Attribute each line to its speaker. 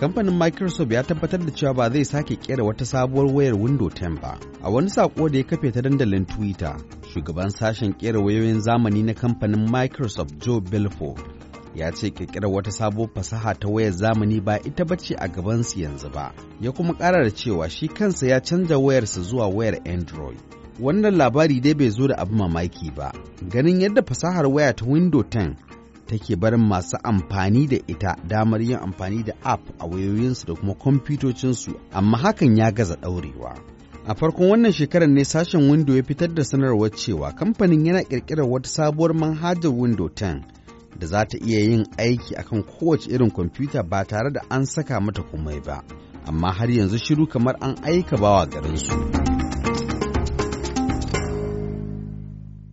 Speaker 1: kamfanin microsoft ya tabbatar da cewa ba zai sake kera wata sabuwar wayar window 10 ba a wani sako da ya kafe ta dandalin twitter shugaban sashen kera wayoyin zamani na kamfanin microsoft joe belfo ya ce kirkirar wata sabuwar fasaha ta wayar zamani ba ita bace a gaban su yanzu ba ya kuma ƙara da cewa shi kansa ya canza wayarsa zuwa wayar android wannan labari dai bai zo da abu mamaki ba ganin yadda fasahar waya ta window 10 take barin masu amfani da ita damar yin amfani da app a wayoyinsu da kuma kwamfutocinsu amma hakan ya gaza ɗaurewa. A farkon wannan shekarar ne sashen window ya fitar da sanarwar cewa kamfanin yana ƙirƙirar wata sabuwar manhajar window 10 da za ta iya yin aiki akan kowace irin kwamfuta ba tare da an saka mata komai ba, amma har yanzu shiru kamar an aika bawa garinsu.